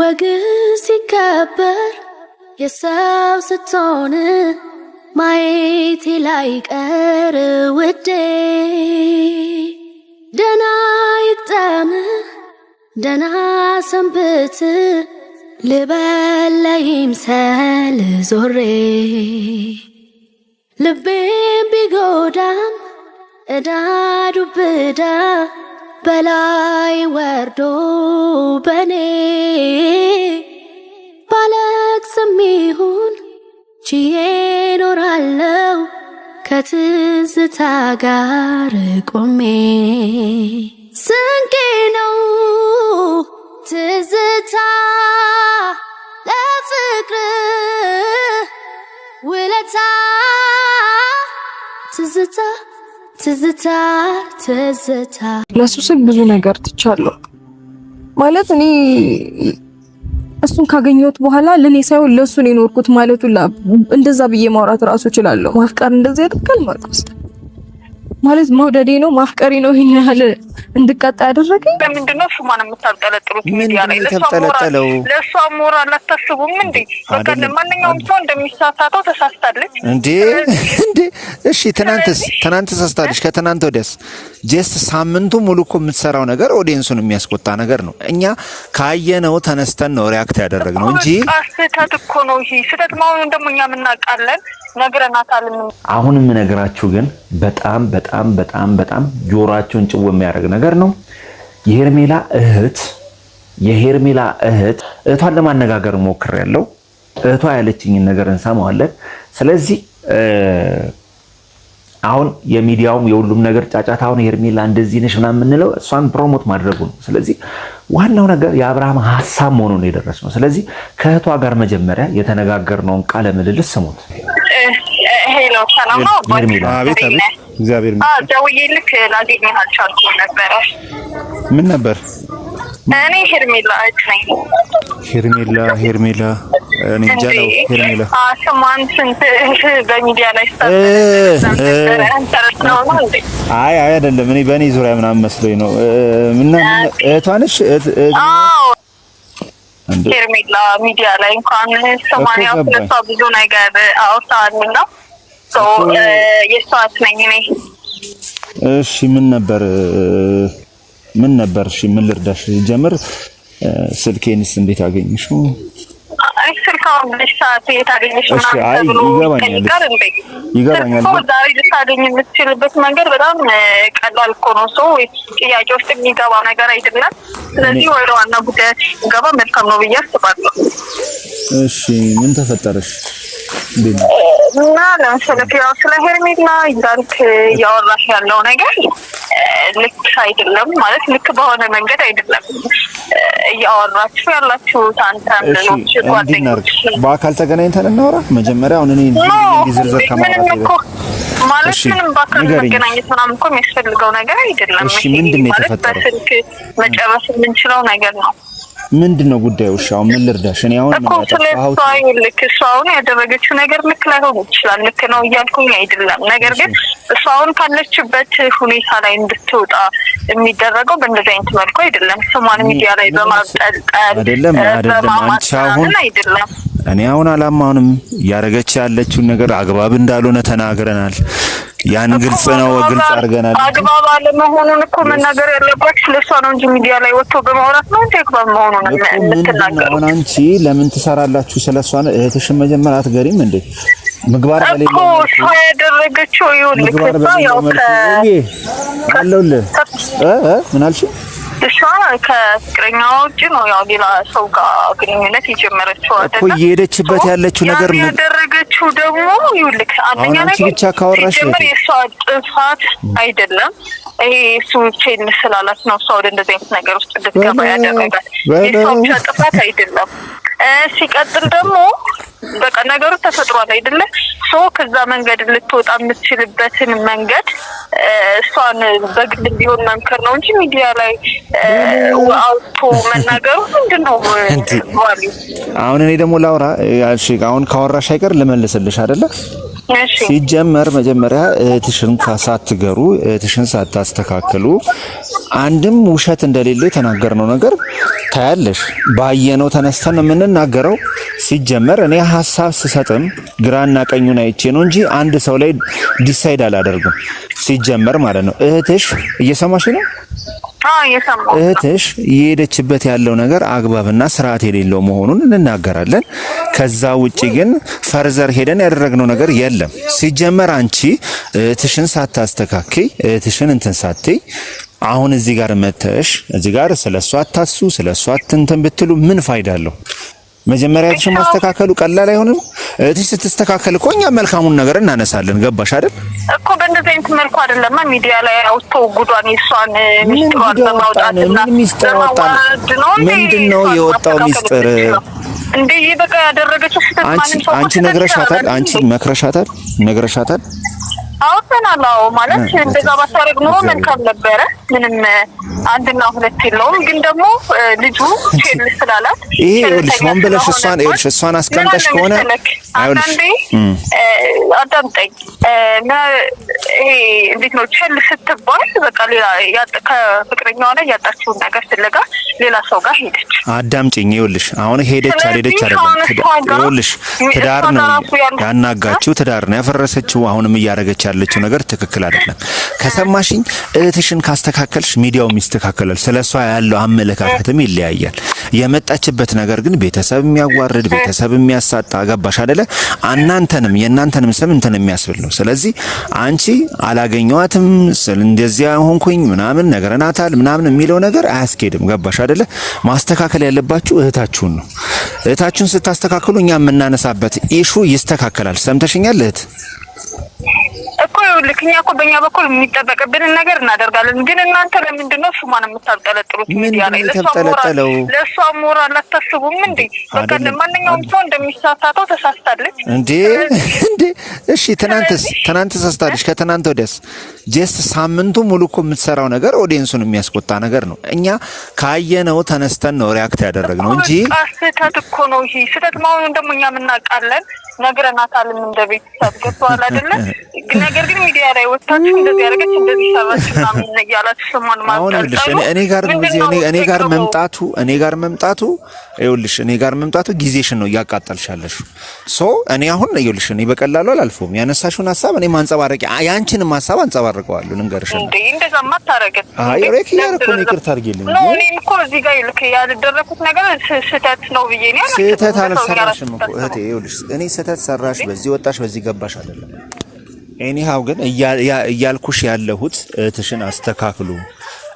ወግ ሲከበር የሰው ስትሆን ማየቴ ላይቀር ውዴ ደና ይግጠም ደና ሰንብት ልበለ ይምሰል ዞሬ ልቤም ቢጎዳም እዳ ዱብዳ በላይ ወርዶ በኔ ባለቅስም ይሁን ችዬ ኖራለው ከትዝታ ጋር ቆሜ ስንቄ ነው ትዝታ ለፍቅር ውለታ ትዝታ ትዝታ ትዝታ ለሱ ስል ብዙ ነገር ትቻለሁ። ማለት እኔ እሱን ካገኘሁት በኋላ ለኔ ሳይሆን ለሱ ነው የኖርኩት ማለቱ እንደዛ ብዬ ማውራት ራሱ እችላለሁ። ማፍቀር እንደዚህ ያደርጋል ማርቆስ ማለት መውደዴ ነው ማፍቀሪ ነው ይሄን ያህል እንድቀጣ ያደረገኝ ለምንድን ነው? ስሟን የምታጠለጥሉት ሚዲያ ላይ ለእሷ ሞራል አታስቡም እንዴ? በቃ ማንኛውም ሰው እንደሚሳሳተው ተሳስታለች እንዴ እንዴ። እሺ ትናንትስ ትናንት ተሳስታለች። ከትናንት ወዲያስ ጀስት ሳምንቱ ሙሉ እኮ የምትሰራው ነገር ኦዲየንሱን የሚያስቆጣ ነገር ነው። እኛ ካየነው ተነስተን ነው ሪያክት ያደረግነው እንጂ ስህተት እኮ ነው ይሄ ስህተት መሆኑን ደግሞ እኛ የምናውቃለን። ነግረናታል። አሁን የምነግራችሁ ግን በጣም በጣም በጣም በጣም ጆሯችሁን ጭው የሚያደርግ ነገር ነው። የሄርሜላ እህት የሄርሜላ እህት እህቷን ለማነጋገር ሞክር ያለው እህቷ ያለችኝን ነገር እንሰማዋለን። ስለዚህ አሁን የሚዲያውም የሁሉም ነገር ጫጫት አሁን ሄርሜላ እንደዚህ ነሽ ምናምን የምንለው እሷን ፕሮሞት ማድረጉ ነው። ስለዚህ ዋናው ነገር የአብርሃም ሀሳብ መሆኑን የደረስ ነው። ስለዚህ ከእህቷ ጋር መጀመሪያ የተነጋገርነውን ቃለ ምልልስ ስሙት። ሄሎ ሰላም ነው? አቤት እግዚአብሔር ደውዬ ልክ አልቻልኩም ነበረ። ምን ነበር? እኔ ሄርሜላ እህት ነኝ። ሄርሜላ ሄርሜላ እኔ እንጃ ነው ሄርሜላ። ስሟን ስንት በሚዲያ ላይ አይ አይ አይደለም። እኔ በእኔ ዙሪያ ምናምን መስሎኝ ነው። ምና እህቷ ሄርሜላ ሚዲያ ላይ እንኳን ሰማንያ ሁለቷ ብዙ ነገር አውርታልና የእሷ አትመኝ ነኝ። እሺ ምን ነበር ምን ነበር? እሺ ምን ልርዳሽ? ጀምር። ስልኬንስ እንዴት አገኘሽው? ሰዓት የታገኘሽ ምናምን ይገባኛል ይገባኛል። ዛሬ ልታገኝ የምትችልበት መንገድ በጣም ቀላል እኮ ነው። ሰው ጥያቄ ውስጥ የሚገባ ነገር አይደለም። ስለዚህ ወደ ዋና ጉዳያችን ገባ መልካም ነው ብዬ አስባለሁ። እሺ ምን ተፈጠረሽ? እንዴት ነው? እና ለመሰለህ ያው ስለ ሄርሜላ እንዳንክ እያወራሽ ያለው ነገር ልክ አይደለም። ማለት ልክ በሆነ መንገድ አይደለም እያወራችሁ ያላችሁት። አንተ ምኖች ጓደኞች በአካል ተገናኝተን እናወራ መጀመሪያ። አሁን እኔ ዝርዝር ከማውራት ማለት ምንም በአካል መገናኘት ምናምን እኮ የሚያስፈልገው ነገር አይደለም። ምንድን ነው ማለት በስልክ መጨረስ የምንችለው ነገር ነው። ምንድን ነው ጉዳዩ? እሺ አሁን ምን ልርዳሽ? እኔ አሁን ምን አጠፋሁ? ልክ እሷ አሁን ያደረገችው ነገር ልክ ላይሆን ይችላል። ልክ ነው እያልኩኝ አይደለም። ነገር ግን እሷ አሁን ካለችበት ሁኔታ ላይ እንድትወጣ የሚደረገው በእንደዚህ አይነት መልኩ አይደለም። ስሟን ሚዲያ ላይ በማጠልጠል አይደለም አይደለም። አንቺ አሁን አይደለም እኔ አሁን አላማውንም እያደረገች ያለችውን ነገር አግባብ እንዳልሆነ ተናግረናል። ያን ግልጽ ነው፣ ግልጽ አድርገናል። አግባብ አለመሆኑን እኮ መናገር ያለባችሁ ለሷ ነው እንጂ ሚዲያ ላይ ወጥቶ በማውራት ነው እንጂ አግባብ መሆኑን የምትናገሩ። አንቺ ለምን ትሰራላችሁ? ስለሷ ነው እህትሽን መጀመር አትገሪም እንዴ? ምግባር በሌለ እኮ እሷ ያደረገችው ይኸውልህ፣ ያው አለሁልህ እ ምን አልሽኝ? እሷ ከፍቅረኛዋ ውጭ ነው ያው ሌላ ሰው ጋር ግንኙነት የጀመረችው እኮ እየሄደችበት ያለችው ነገር ያደረገችው። ደግሞ ይኸውልህ አንደኛ ነገር ብቻ ካወራሽ ጀምር የእሷ ጥፋት አይደለም። ይሄ እሱ ቼን ስላላት ነው እሷ ወደ እንደዚህ አይነት ነገር ውስጥ እንድትገባ ያደረጋል። የሰው ብቻ ጥፋት አይደለም። ሲቀጥል ደግሞ በቃ ነገሩ ተፈጥሯል አይደለ? ሶ ከዛ መንገድ ልትወጣ የምትችልበትን መንገድ እሷን በግል ቢሆን መምከር ነው እንጂ ሚዲያ ላይ አውቶ መናገሩ ምንድን ነው? አሁን እኔ ደግሞ ላውራ። አሁን ካወራሽ አይቀር ልመልስልሽ አይደለ ሲጀመር መጀመሪያ እህትሽን ሳትገሩ እህትሽን ሳታስተካክሉ አንድም ውሸት እንደሌለ የተናገርነው ነገር ታያለሽ። ባየነው ተነስተን የምንናገረው ሲጀመር እኔ ሀሳብ ስሰጥም ግራና ቀኙን አይቼ ነው እንጂ አንድ ሰው ላይ ዲሳይድ አላደርግም። ሲጀመር ማለት ነው። እህትሽ እየሰማሽ ነው እህትሽ የሄደችበት ያለው ነገር አግባብና ስርዓት የሌለው መሆኑን እንናገራለን። ከዛ ውጪ ግን ፈርዘር ሄደን ያደረግነው ነገር የለም። ሲጀመር አንቺ እህትሽን ሳታስተካክይ እህትሽን እንትን ሳትይ አሁን እዚህ ጋር መተሽ እዚህ ጋር ስለሷ አታሱ ስለሷ አትንተን ብትሉ ምን ፋይዳ አለው? መጀመሪያ እህትሽን ማስተካከሉ ቀላል አይሆንም። እህትሽ ስትስተካከል እኮ እኛ መልካሙን ነገር እናነሳለን። ገባሽ አይደል እኮ በእንደዚህ አይነት መልኩ አይደለማ ሚዲያ ላይ አውጥቶ ጉዷን የሷን ሚስጥሯን በማውጣትና በማዋረድ ነው። ምንድን ነው የወጣው ሚስጥር እንዴ? በቃ ያደረገችው ስህተት ማንም ሰው አንቺ ነግረሻታል፣ አንቺ መክረሻታል፣ ነግረሻታል። አውጥተናል። አዎ ማለት እንደዛ ባታረግ ኖሮ መልካም ነበረ። ምንም አንድና ሁለት የለውም። ግን ደግሞ ልጁ ቼል ስላላት ይሄ ይኸውልሽ፣ ሆን ብለሽ እሷን ይኸውልሽ፣ እሷን አስቀምጠሽ ከሆነ አንዳንዴ አዳምጠኝ፣ እንዴት ነው ቼል ስትባል በቃ ሌላ ከፍቅረኛዋ ላይ ያጣችውን ነገር ሌላ ሰው ጋር ሄደች። አዳምጪኝ፣ ይኸውልሽ፣ አሁን ሄደች አልሄደች አይደለም። ይኸውልሽ፣ ትዳር ነው ያናጋችው፣ ትዳር ነው ያፈረሰችው። አሁንም እያደረገች ያለችው ነገር ትክክል አይደለም። ከሰማሽኝ እህትሽን ካስተካ ከተስተካከልሽ ሚዲያውም ይስተካከላል። ስለ እሷ ያለው አመለካከትም ይለያያል። የመጣችበት ነገር ግን ቤተሰብ የሚያዋርድ ቤተሰብ የሚያሳጣ ገባሽ አደለ? እናንተንም የእናንተንም ስም እንትን የሚያስብል ነው። ስለዚህ አንቺ አላገኘዋትም ስል እንደዚያ ሆንኩኝ ምናምን ነገረናታል ምናምን የሚለው ነገር አያስኬድም። ገባሽ አደለ? ማስተካከል ያለባችሁ እህታችሁን ነው። እህታችሁን ስታስተካክሉ እኛ የምናነሳበት ኢሹ ይስተካከላል። ሰምተሽኛል እህት ይኸውልህ እኛ እኮ በእኛ በኩል የሚጠበቅብንን ነገር እናደርጋለን። ግን እናንተ ለምንድን ነው እሱማን የምታብጠለጥሉት ሚዲያ ላይ? ለእሷ ሞራል አታስቡም እንዴ? በቃ ማንኛውም ሰው እንደሚሳሳተው ተሳስታለች እንዴ? እንዴ እሺ፣ ትናንትስ ትናንት ተሳስታለች። ከትናንት ወዲያስ ጀስት ሳምንቱ ሙሉ እኮ የምትሰራው ነገር ኦዲየንሱን የሚያስቆጣ ነገር ነው። እኛ ካየነው ተነስተን ነው ሪያክት ያደረግነው እንጂ ስህተት እኮ ነው ይሄ ስህተት መሆኑን ደግሞ እኛ የምናውቃለን። ነግረናታልም እንደ ቤተሰብ ገብተዋል አይደለ? ነገር ግን ሚዲያ ላይ ወጥታችሁ እንደዚህ ያደረገች እንደዚህ ሰራችሁ ምናምን እያላችሁ ስሟን ማጣጣሉ እኔ ጋር መምጣቱ እኔ ጋር መምጣቱ ይኸውልሽ እኔ ጋር መምጣቱ ጊዜሽን ነው እያቃጠልሻለሽ። ሶ እኔ አሁን ይኸውልሽ እኔ በቀላሉ አላልፈውም። ያነሳሽውን ሀሳብ እኔ ማንጸባረቅ ያንቺንም ሀሳብ አንጸባርቀዋለሁ። ልንገርሽ እንዴ እንደዛ ማታረገ አይ ሬክ ያረኩ ነው። ይቅርታ አድርጊልኝ። ኖ እኔም እኮ እዚህ ጋር ይልክ ያልደረኩት ነገር ስህተት ነው ብዬ ነው ያለው። ስህተት አልሰራሽም እኮ እህቴ። ይኸውልሽ እኔ ስህተት ሰራሽ፣ በዚህ ወጣሽ፣ በዚህ ገባሽ አይደለም። ኤኒሃው ግን እያልኩሽ ያለሁት እህትሽን አስተካክሉ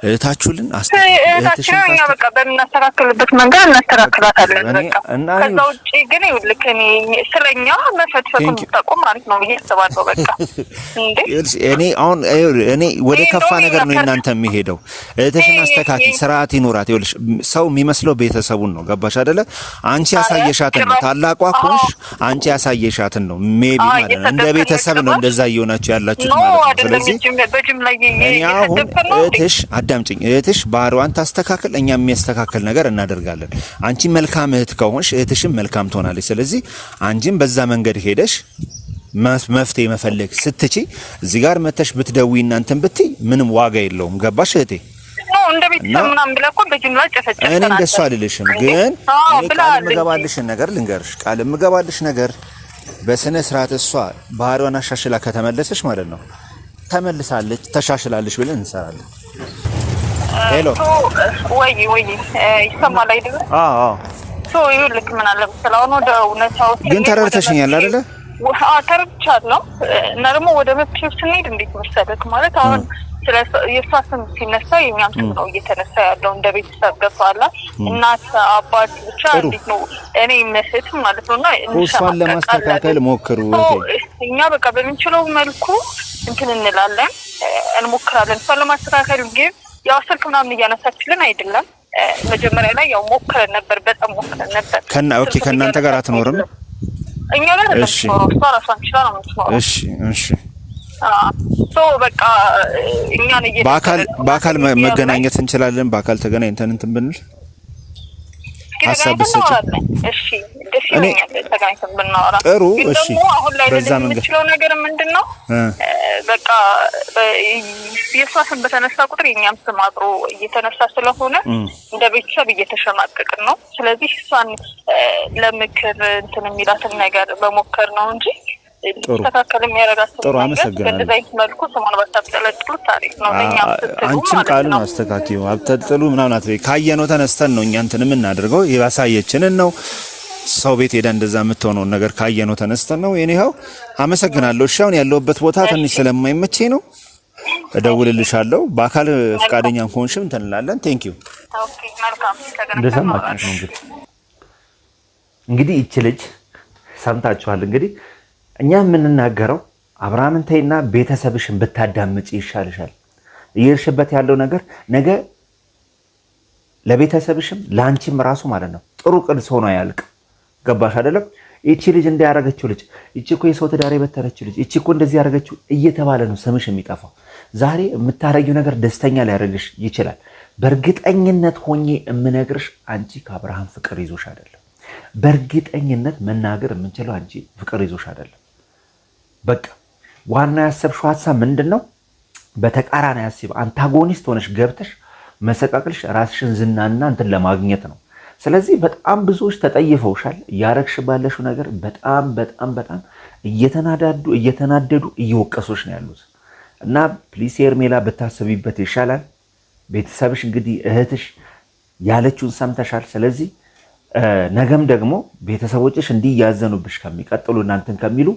እህታችሁልን እህታችን እኛ በቃ በምናስተካክልበት መንገድ እናስተካክላታለን። በቃ ከዛ ውጭ ግን ይኸውልህ እኔ ስለኛ መፈትፈቱን ብታቆም ማለት ነው ብዬ አስባለሁ። እኔ አሁን እኔ ወደ ከፋ ነገር ነው እናንተ የሚሄደው። እህትሽን አስተካክል፣ ስርዓት ይኖራት። ይኸውልሽ ሰው የሚመስለው ቤተሰቡን ነው። ገባሽ አይደለ? አንቺ ያሳየሻትን ነው ታላቋ ኮሽ አንቺ ያሳየሻትን ነው ሜቢ ማለት ነው። እንደ ቤተሰብ ነው እንደዛ እየሆናችሁ ያላችሁት ማለት ነው። ስለዚህ በጅምላ እየተደፈነ ነው አዳምጭኝ እህትሽ ባህሪዋን ታስተካከል፣ እኛ የሚያስተካከል ነገር እናደርጋለን። አንቺ መልካም እህት ከሆንሽ እህትሽም መልካም ትሆናለች። ስለዚህ አንቺም በዛ መንገድ ሄደሽ መፍትሄ መፈለግ ስትቺ እዚህ ጋር መተሽ ብትደዊ እናንተን ብትይ ምንም ዋጋ የለውም። ገባሽ እህቴ? እኔ እንደሱ አልልሽም፣ ግን ቃል የምገባልሽን ነገር ልንገርሽ። ቃል የምገባልሽ ነገር በስነ ስርዓት እሷ ባህሪዋን አሻሽላ ከተመለሰች ማለት ነው ተመልሳለች፣ ተሻሽላለች ብለን እንሰራለን። ሄሎ ወይ ወይ ይሰማል አይደለ? አዎ አዎ። ሶ ይኸውልህ ምን አለ መሰለህ አሁን ወደ እውነታው ግን ተረድተሽኛል አይደለ? አዎ ተረድቻለሁ። እና ደግሞ ወደ መፍትሄው ስንሄድ እንዴት መሰለህ ማለት አሁን የእሷ ስም ሲነሳ የኛም ስም ነው እየተነሳ ያለው። እንደ ቤተሰብ ገብቶሃል። እናት አባት ብቻ እንዴት ነው እኔ መስት ማለት ነው። እና እሷን ለማስተካከል ሞክሩ። እኛ በቃ በምንችለው መልኩ እንትን እንላለን፣ እንሞክራለን እሷን ለማስተካከል ግን ያው ስልክ ምናምን እያነሳችልን አይደለም። መጀመሪያ ላይ ያው ሞክረን ነበር፣ በጣም ሞክረን ነበር። ኦኬ ከእናንተ ጋር አትኖርም? እኛ ላይ ለምትኖረው ነው የምትኖረው። እሺ፣ እሺ በቃ እኛን በአካል መገናኘት እንችላለን። በአካል ተገናኝተን እንትን ብንል ሀሳብ እሺ ጥሩ እሺ። በዛ መንገድ የምችለው ነገር ምንድን ነው? በቃ የእሷ ስም በተነሳ ቁጥር የእኛም ስም አብሮ እየተነሳ ስለሆነ እንደ ቤተሰብ እየተሸማቀቅን ነው። ስለዚህ እሷን ለምክር እንትን የሚላትን ነገር በሞከር ነው እንጂ አንቺም ቃሉን አስተካክዩ ምናምን አትበይ። ካየነው ተነስተን ነው እኛ እንትን የምናደርገው። ያሳየችንን ነው ሰው ቤት ሄዳ እንደዛ የምትሆነውን ነገር ካየነው ተነስተን ነው። የኔኸው አመሰግናለሁ። እሺ አሁን ያለሁበት ቦታ ትንሽ ስለማይመቼ ነው እደውልልሻለሁ። በአካል ፈቃደኛ ከሆንሽም እንላለን። ቴንክ ዩ። እንደሰማችሁ ነው እንግዲህ እንግዲህ ልጅ ሰምታችኋል። እንግዲህ እኛ የምንናገረው አብርሃምን ተይና ቤተሰብሽን ብታዳምጪ ይሻልሻል። እየሄድሽበት ያለው ነገር ነገ ለቤተሰብሽም ለአንቺም ራሱ ማለት ነው ጥሩ ቅርስ ሆኖ አያልቅ ገባሽ አይደለም? ይቺ ልጅ እንዳያረገችው ልጅ ይቺ እኮ የሰው ትዳር የበተረችው ልጅ ይቺ እኮ እንደዚህ ያረገችው እየተባለ ነው ስምሽ የሚጠፋው። ዛሬ የምታረጊው ነገር ደስተኛ ሊያደርግሽ ይችላል። በእርግጠኝነት ሆኜ የምነግርሽ አንቺ ከአብርሃም ፍቅር ይዞሽ አይደለም። በእርግጠኝነት መናገር የምንችለው አንቺ ፍቅር ይዞሽ አይደለም። በቃ ዋና ያሰብሽው ሀሳብ ምንድን ነው? በተቃራኒ ያስብ አንታጎኒስት ሆነሽ ገብተሽ መሰቃቅልሽ ራስሽን ዝናና እንትን ለማግኘት ነው። ስለዚህ በጣም ብዙዎች ተጠይፈውሻል። እያረግሽ ባለሽው ነገር በጣም በጣም በጣም እየተናዳዱ እየተናደዱ እየወቀሶች ነው ያሉት እና ፕሊስ ሄርሜላ ብታሰቢበት ይሻላል። ቤተሰብሽ እንግዲህ እህትሽ ያለችውን ሰምተሻል። ስለዚህ ነገም ደግሞ ቤተሰቦችሽ እንዲህ ከሚቀጥሉ እናንተን ከሚሉ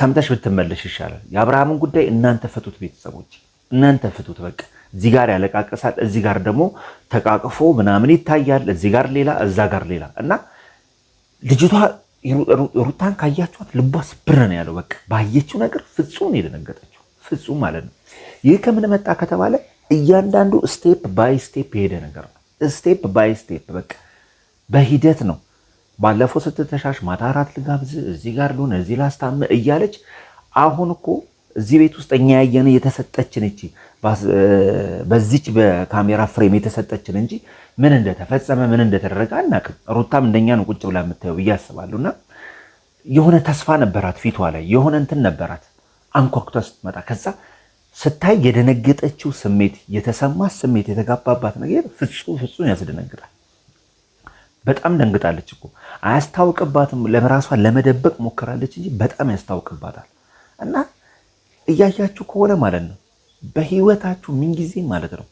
ሰምተሽ ብትመለሽ ይሻላል። የአብርሃምን ጉዳይ እናንተ ፍቱት፣ ቤተሰቦች እናንተ ፍቱት በቃ እዚህ ጋር ያለቃቅሳል፣ እዚህ ጋር ደግሞ ተቃቅፎ ምናምን ይታያል። እዚህ ጋር ሌላ፣ እዛ ጋር ሌላ እና ልጅቷ ሩታን ካያችኋት ልቧ ስብር ነው ያለው። በቃ ባየችው ነገር ፍጹም የደነገጠችው ፍጹም ማለት ነው። ይህ ከምን መጣ ከተባለ እያንዳንዱ ስቴፕ ባይ ስቴፕ የሄደ ነገር ነው። ስቴፕ ባይ ስቴፕ በቃ በሂደት ነው። ባለፈው ስትተሻሽ ማታ አራት ልጋብዝ፣ እዚህ ጋር ልሁን፣ እዚህ ላስታም እያለች አሁን እኮ እዚህ ቤት ውስጥ እኛ ያየን የተሰጠችን እቺ በዚች በካሜራ ፍሬም የተሰጠችን እንጂ ምን እንደተፈጸመ ምን እንደተደረገ አናቅም ሩታም እንደኛ ነው ቁጭ ብላ የምታየው ብዬ አስባለሁ። እና የሆነ ተስፋ ነበራት ፊቷ ላይ የሆነ እንትን ነበራት አንኳኩታ ስትመጣ ከዛ ስታይ የደነገጠችው ስሜት የተሰማት ስሜት የተጋባባት ነገር ፍጹም ፍጹም ያስደነግጣል። በጣም ደንግጣለች እኮ አያስታውቅባትም። ለራሷን ለመደበቅ ሞክራለች እንጂ በጣም ያስታውቅባታል እና እያያችሁ ከሆነ ማለት ነው በህይወታችሁ ምንጊዜ ማለት ነው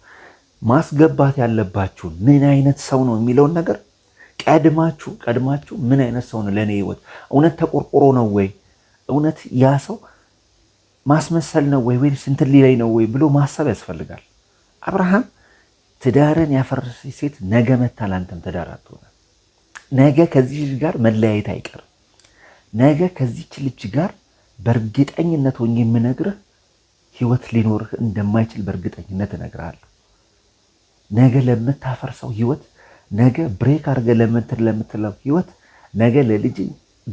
ማስገባት ያለባችሁ ምን አይነት ሰው ነው የሚለውን ነገር ቀድማችሁ ቀድማችሁ ምን አይነት ሰው ነው ለእኔ ህይወት እውነት ተቆርቆሮ ነው ወይ እውነት ያ ሰው ማስመሰል ነው ወይ ወይም ስንት ላይ ነው ወይ ብሎ ማሰብ ያስፈልጋል። አብርሃም ትዳርን ያፈረሰ ሴት ነገ መታ ላንተም ትዳር አትሆነ። ነገ ከዚህ ልጅ ጋር መለያየት አይቀርም። ነገ ከዚች ልጅ ጋር በእርግጠኝነት ሆኜ የምነግርህ ህይወት ሊኖርህ እንደማይችል በእርግጠኝነት እነግርሃለሁ። ነገ ለምታፈርሰው ህይወት፣ ነገ ብሬክ አድርገህ ለምትል ለምትለው ህይወት፣ ነገ ለልጅ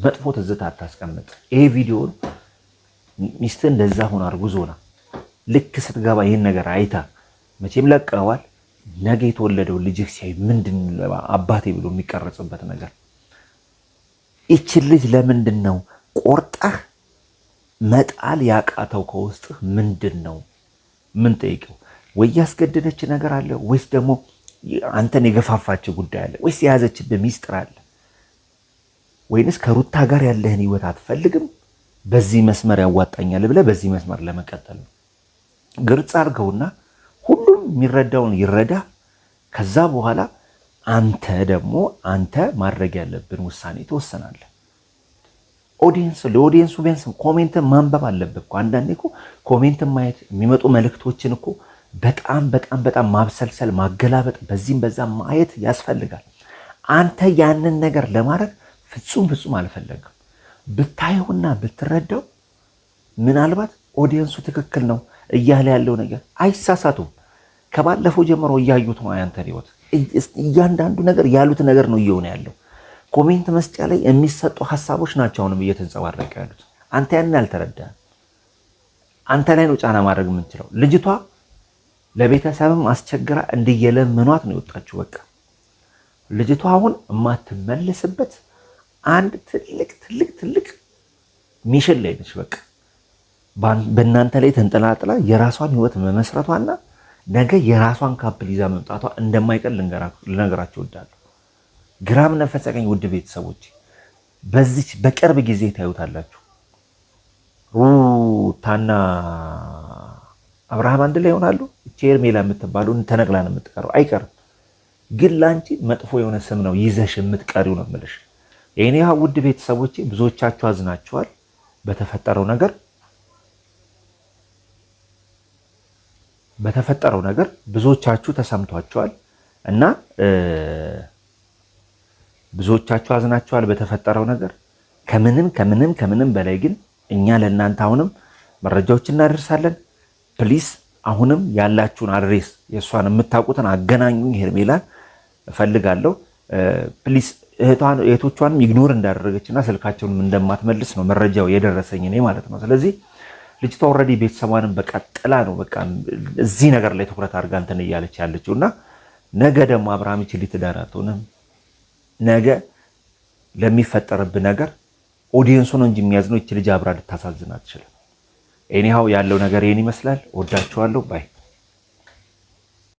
መጥፎ ትዝታ አታስቀምጥ። ይሄ ቪዲዮን ሚስትህ እንደዛ ሆና አርጉዞና ልክ ስትገባ ይህን ነገር አይታ መቼም ለቀዋል። ነገ የተወለደው ልጅህ ሲያይ ምንድን አባቴ ብሎ የሚቀረጽበት ነገር ይችን ልጅ ለምንድን ነው ቆርጠህ መጣል ያቃተው ከውስጥህ ምንድን ነው? ምን ጠይቀው። ወይ ያስገደደች ነገር አለ ወይስ ደግሞ አንተን የገፋፋች ጉዳይ አለ ወይስ የያዘችብህ ሚስጥር አለ ወይንስ ከሩታ ጋር ያለህን ህይወት አትፈልግም? በዚህ መስመር ያዋጣኛል ብለህ በዚህ መስመር ለመቀጠል ነው። ግልጽ አድርገውና ሁሉም የሚረዳውን ይረዳ። ከዛ በኋላ አንተ ደግሞ አንተ ማድረግ ያለብን ውሳኔ ትወሰናለህ። ኦዲየንስ ለኦዲየንሱ ቢያንስ ኮሜንትን ማንበብ አለበት እኮ። አንዳንዴ እኮ ኮሜንትን ማየት የሚመጡ መልእክቶችን እኮ በጣም በጣም በጣም ማብሰልሰል፣ ማገላበጥ፣ በዚህም በዛ ማየት ያስፈልጋል። አንተ ያንን ነገር ለማድረግ ፍጹም ፍጹም አልፈለግም። ብታየውና ብትረዳው ምናልባት ኦዲየንሱ ትክክል ነው እያለ ያለው ነገር አይሳሳቱም። ከባለፈው ጀምሮ እያዩት ነው ያንተን ህይወት፣ እያንዳንዱ ነገር ያሉት ነገር ነው እየሆነ ያለው ኮሜንት መስጫ ላይ የሚሰጡ ሀሳቦች ናቸው አሁንም እየተንጸባረቀ ያሉት። አንተ ያንን ያልተረዳ አንተ ላይ ነው ጫና ማድረግ የምንችለው። ልጅቷ ለቤተሰብም አስቸግራ እንዲየለምኗት ነው የወጣችው። በቃ ልጅቷ አሁን የማትመለስበት አንድ ትልቅ ትልቅ ትልቅ ሚሽን ላይ ነች። በቃ በእናንተ ላይ ተንጠላጥላ የራሷን ህይወት መመስረቷና ነገ የራሷን ካፕል ይዛ መምጣቷ እንደማይቀር ልነገራችሁ እወዳለሁ። ግራም ነፈሰ ቀኝ ውድ ቤተሰቦች በዚች በቅርብ ጊዜ ታዩታላችሁ። ሩታና አብርሃም አንድ ላይ ይሆናሉ። እቺ ሄርሜላ የምትባሉ ተነቅላ የምትቀረው፣ አይቀርም። ግን ለአንቺ መጥፎ የሆነ ስም ነው ይዘሽ የምትቀሪው ነው የምልሽ። የኔ ውድ ቤተሰቦች ብዙዎቻችሁ አዝናችኋል በተፈጠረው ነገር በተፈጠረው ነገር ብዙዎቻችሁ ተሰምቷችኋል እና ብዙዎቻችሁ አዝናችኋል በተፈጠረው ነገር። ከምንም ከምንም ከምንም በላይ ግን እኛ ለእናንተ አሁንም መረጃዎች እናደርሳለን። ፕሊስ አሁንም ያላችሁን አድሬስ የእሷን የምታውቁትን አገናኙ። ሄርሜላን እፈልጋለሁ። ፕሊስ እህቶቿንም ኢግኖር እንዳደረገች እና ስልካቸውንም እንደማትመልስ ነው መረጃው የደረሰኝ እኔ ማለት ነው። ስለዚህ ልጅቷ ኦልሬዲ ቤተሰቧንም በቃ ጥላ ነው በቃ እዚህ ነገር ላይ ትኩረት አድርጋ እንትን እያለች ያለችው እና ነገ ደግሞ አብርሃም ይችል ትዳር አትሆንም ነገ ለሚፈጠርብህ ነገር ኦዲየንሱ ነው እንጂ የሚያዝነው ይች ልጅ አብራ ልታሳዝን አትችልም። ኤኒሃው ያለው ነገር ይህን ይመስላል። ወዳችኋለሁ ባይ